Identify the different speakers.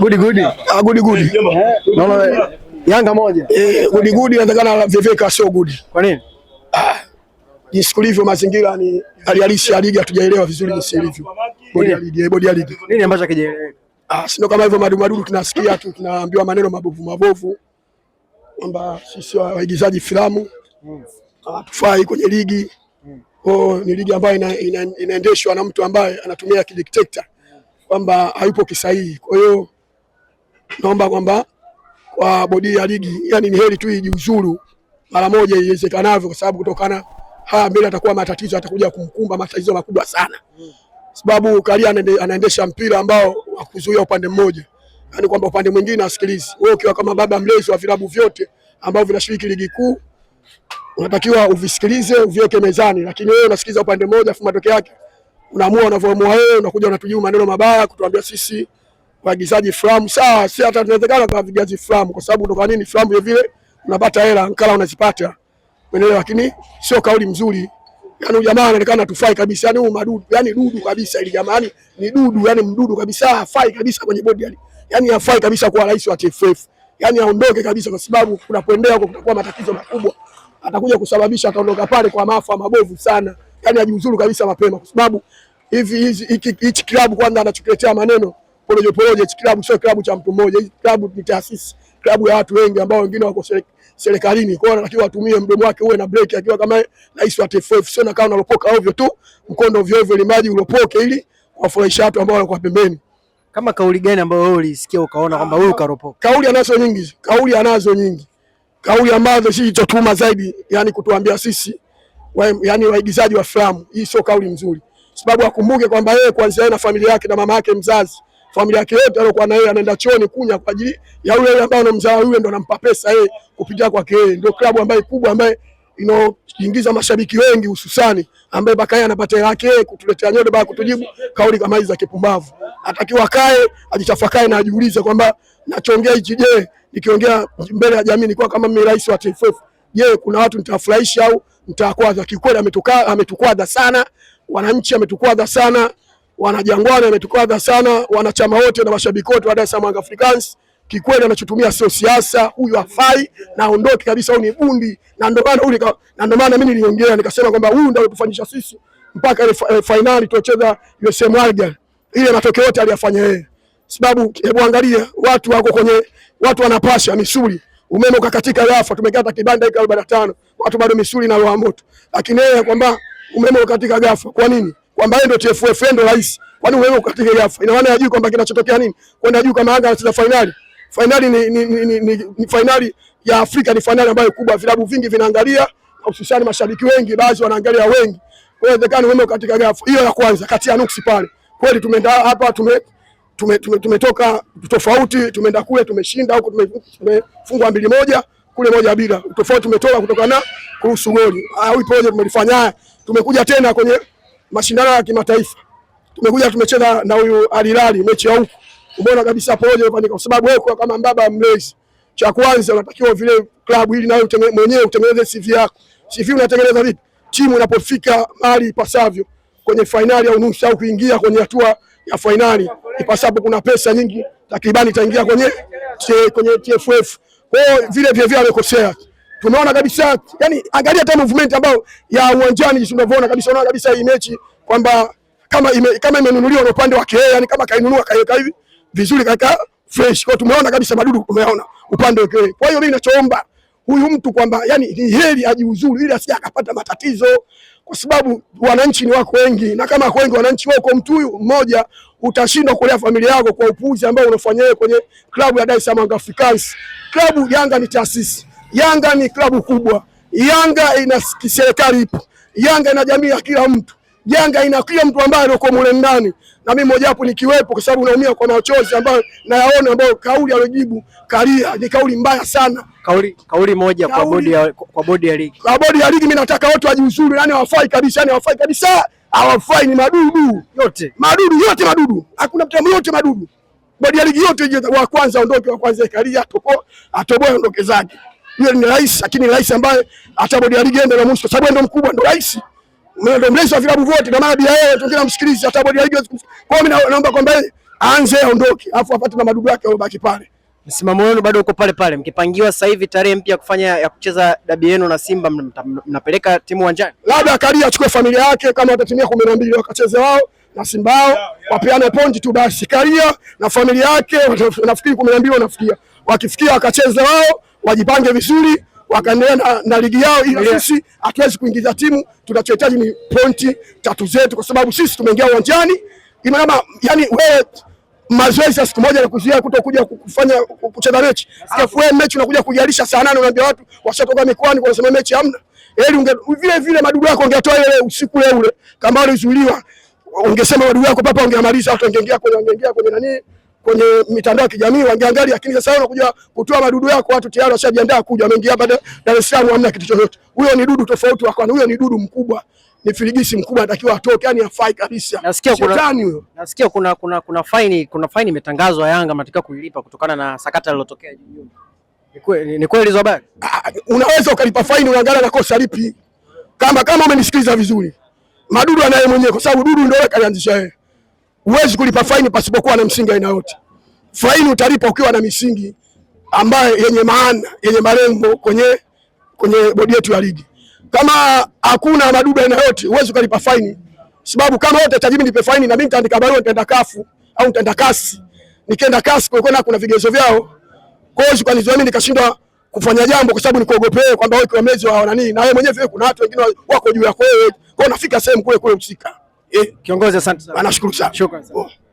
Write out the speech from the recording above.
Speaker 1: Gudi gudi.
Speaker 2: Ah, gudi gudi.
Speaker 1: Naona Yanga moja.
Speaker 2: Eh, gudi gudi inatakana la sio gudi.
Speaker 1: Kwa nini? Ah.
Speaker 2: Jinsi kulivyo mazingira ni hali halisi ya ligi hatujaelewa vizuri jinsi ilivyo. Bodi ya ligi, eh, bodi ya ligi.
Speaker 1: Nini ambacho hakijaeleweka?
Speaker 2: Ah, sio kama hivyo madudu madudu tunasikia tu tunaambiwa maneno mabovu mabovu kwamba sisi waigizaji filamu hmm. hatufai kwenye ligi. Hmm. Oh, ni ligi ambayo inaendeshwa na mtu ambaye anatumia kidikteta kwamba hayupo kisahihi. Kwa hiyo naomba kwamba kwa bodi ya ligi, yani ni heri tu ijiuzuru mara moja iwezekanavyo, kwa sababu kutokana haya mbele atakuwa matatizo, atakuja kumkumba matatizo makubwa sana, sababu Kalia anaendesha mpira ambao wakuzuia upande mmoja, yani kwamba upande mwingine asikilizi. Wewe ukiwa kama baba mlezi wa vilabu vyote ambao vinashiriki ligi kuu unatakiwa uvisikilize uviweke mezani, lakini wewe unasikiliza upande mmoja, afu matokeo yake unaamua unavyoamua wewe, unakuja unatujua maneno mabaya kutuambia sisi waigizaji flamu. Sawa, si hata tunawezekana kwa vigazi flamu, kwa sababu ndo kwa nini flamu vile vile unapata hela ankala unazipata, unaelewa. Lakini sio kauli mzuri, yani ujamaa anaonekana tufai kabisa, yani madudu, yani dudu kabisa, ili jamani ni dudu, yani mdudu kabisa, hafai kabisa kwenye bodi, yani yani hafai kabisa kuwa rais wa TFF, yani aondoke kabisa, kwa sababu kuna kuendelea huko kutakuwa matatizo makubwa, atakuja kusababisha ataondoka pale kwa maafa mabovu sana, yani ajiuzuru kabisa mapema, kwa sababu hivi hichi klabu kwanza anachokiletea maneno porojo porojo. Hichi klabu sio klabu cha mtu mmoja, hichi klabu ni taasisi, klabu ya watu wengi ambao wengine wako serikalini. Kwa hiyo anatakiwa atumie mdomo wake uwe na break, akiwa kama rais wa TFF, sio nakaa unalopoka ovyo tu mkondo ovyo ovyo, maji ulopoke ili kuwafurahisha watu ambao wako pembeni. Kama kauli gani ambayo wewe ulisikia ukaona kwamba wewe ukaropoka? Kauli anazo nyingi, kauli anazo nyingi, kauli ambazo sisi tutuma zaidi, yani kutuambia sisi wa, yani waigizaji wa filamu. Hii sio kauli nzuri sababu akumbuke kwamba yeye kuanzia na familia yake na mama yake mzazi, familia yake yote aliyokuwa na yeye, anaenda chooni kunya kwa ajili ya yule yule ambaye anamzaa yule, ndo anampa pesa yeye kupitia kwake yeye. Ndio klabu ambayo kubwa ambayo inaoingiza mashabiki wengi hususani, ambaye mpaka yeye anapata hela yake kutuletea nyodo baada kutujibu kauli kama hizi za kipumbavu. Atakiwa kae ajitafakae na ajiulize kwamba nachongea hichi, je, nikiongea mbele ya jamii nikuwa kama mimi rais wa TFF, je, kuna watu nitawafurahisha au nitakwaza? Kikweli ametukwaza sana wananchi ametukwaza sana, wanajangwani ametukwaza sana, wanachama wote na mashabiki wote wa Dar es Salaam Africans. Kikweli anachotumia sio siasa, huyu hafai na aondoke kabisa. Huyu ni bundi, na ndio maana huyu, na ndio maana mimi niliongea nikasema kwamba huyu ndio alitufanyisha sisi mpaka ile e, finali tuocheza USM Alger, ile matokeo yote aliyafanya yeye. Sababu hebu angalia, watu wako kwenye watu wanapasha misuli, umeme ukakatika, rafa tumekata kibanda hiki 45 watu bado misuli na roho moto, lakini yeye kwamba umeme ukatika ghafla. Kwa nini? Kwamba yeye ndio TFF ndio rais. Kwa nini umeme ukatika ghafla? Ina maana hajui kwamba kinachotokea nini. Kwenda juu kama Yanga anacheza finali. Finali ni ni, ni, ni, ni, ni finali ya Afrika ni finali ambayo kubwa vilabu vingi vinaangalia, hususan mashabiki wengi, baadhi wanaangalia wengi. Kwa hiyo inawezekana umeme ukatika ghafla. Hiyo ya kwanza kati ya nuksi pale. Kweli tumeenda hapa tume tumetoka tume, tume tofauti tumeenda kule tumeshinda huko tumefungwa mbili moja kule moja bila tofauti, tumetoka kutoka na kuhusu goli. au ah, ipoje tumelifanya tumekuja tena kwenye mashindano ya kimataifa, tumekuja tumecheza na huyu Al Hilal mechi ya huko. umeona kabisa porojo kwa kwa sababu wewe kama mbaba mlezi, cha kwanza unatakiwa vile klabu ili nayo mwenyewe utengeneze CV yako. CV unatengeneza vipi? Timu inapofika mahali ipasavyo kwenye fainali au nusu au kuingia kwenye hatua ya fainali ipasapo, kuna pesa nyingi takribani itaingia kwenye kwenye TFF. Kwa hiyo vile vile vile amekosea tumeona kabisa, yani angalia hata movement ambayo ya uwanjani tunavyoona kabisa, unaona kabisa hii mechi kwamba kama ime, kama imenunuliwa na upande wake yeye, yani kama kainunua kaiweka hivi vizuri kaka fresh, kwa tumeona kabisa madudu tumeona upande wake Kwa hiyo mimi ninachoomba huyu mtu kwamba yani ni heri ajiuzuru ili asije akapata matatizo, kwa sababu wananchi ni wako wengi, na kama wako wengi wananchi wako mtu huyu mmoja, utashindwa kulea familia yako kwa upuzi ambao unafanya kwenye klabu ya Dar es Salaam Africans. Klabu Yanga ni taasisi Yanga ni klabu kubwa, Yanga ina serikali ipo, Yanga ina jamii ya kila mtu, Yanga ina kila mtu ambaye yuko mule ndani, na mimi mmoja wapo nikiwepo, kwa sababu naumia kwa machozi ambayo nayaona, ambayo kauli aliyojibu Kalia ni kauli mbaya sana. Kauli, kauli moja kauli, kwa bodi ya kwa bodi ya ligi kwa bodi ya ligi, mimi nataka watu wajiuzuru, yani hawafai kabisa, yani hawafai kabisa, hawafai ni madudu yote, madudu yote, madudu, hakuna mtu yote, madudu. Bodi ya ligi yote wa kwanza aondoke, wa kwanza Kalia atoboe, atoboe aondoke zake. Yule ni rais, lakini rais ambaye hata bodi ya ligi ndio la mwisho, sababu ndio mkubwa, ndio rais, ndio mlezi wa vilabu vyote, na maana yeye tungekuwa msikilizi hata bodi ya ligi. Kwa hiyo mimi naomba kwamba aanze aondoke, afu apate na madudu yake yabaki pale. Msimamo wenu bado uko pale pale, mkipangiwa sasa hivi tarehe mpya kufanya ya kucheza dabi yenu na Simba, mnapeleka timu uwanjani? Labda akalia achukue familia yake, kama watatimia kumi na mbili wakacheze wao na Simba wao, wapeane pointi tu basi. Kalia na familia yake, nafikiri kumi na mbili wanafikia, wakifikia wakacheze wao wajipange vizuri wakaendelea na, na ligi yao, ila yeah. Sisi hatuwezi kuingiza timu. Tunachohitaji ni pointi tatu zetu, kwa sababu sisi tumeingia uwanjani imeama, yani wewe mazoezi ya siku moja na kuzuia kuto kuja kufanya kucheza mechi. Alafu wewe mechi unakuja kujalisha saa nane unaambia watu washatoka mikoani wanasema mechi hamna. Yaani unge vile vile madudu yako ungetoa ile usiku ule ule kama ulizuiliwa ungesema madudu yako papa ungemaliza watu wangeingia kwenye wangeingia kwenye nani kwenye mitandao ya kijamii wangeangalia, lakini sasa unakuja kutoa madudu yako, watu tayari washajiandaa kuja, wameingia hapa Dar es Salaam, hamna kitu chochote. Huyo ni dudu tofauti, wakwana, huyo ni dudu mkubwa, ni filigisi mkubwa, anatakiwa atoke, yani afai kabisa. Nasikia kuna shetani huyo, nasikia kuna kuna kuna faini, kuna faini imetangazwa, Yanga matika kuilipa kutokana na sakata lililotokea juu. Ni kweli hizo habari? Ah, ah, unaweza ukalipa faini, unaangalia na kosa lipi? Kama kama umenisikiliza vizuri, madudu anaye mwenyewe, kwa sababu dudu ndio yeye alianzisha yeye Huwezi kulipa faini pasipokuwa na msingi aina yote. Faini utalipa ukiwa na misingi ambayo yenye maana, yenye malengo kwenye kwenye bodi yetu ya ligi. Kama hakuna madudu aina yote, huwezi kulipa faini. Sababu kama wote tajibu nipe faini na mimi nitaandika barua nitaenda kafu au nitaenda kasi. Nikienda kasi kwa kuna kuna vigezo vyao. Kwa hiyo kwa mimi nikashindwa kufanya jambo kwa sababu nikuogopee kwamba wewe kiwa mlezi wa nani na wewe mwenyewe kuna watu wengine wako juu yako wewe. Kwa nafika sehemu kule kule usika Eh, kiongozi asante sana. Anashukuru sana. Shukrani sana. Oh.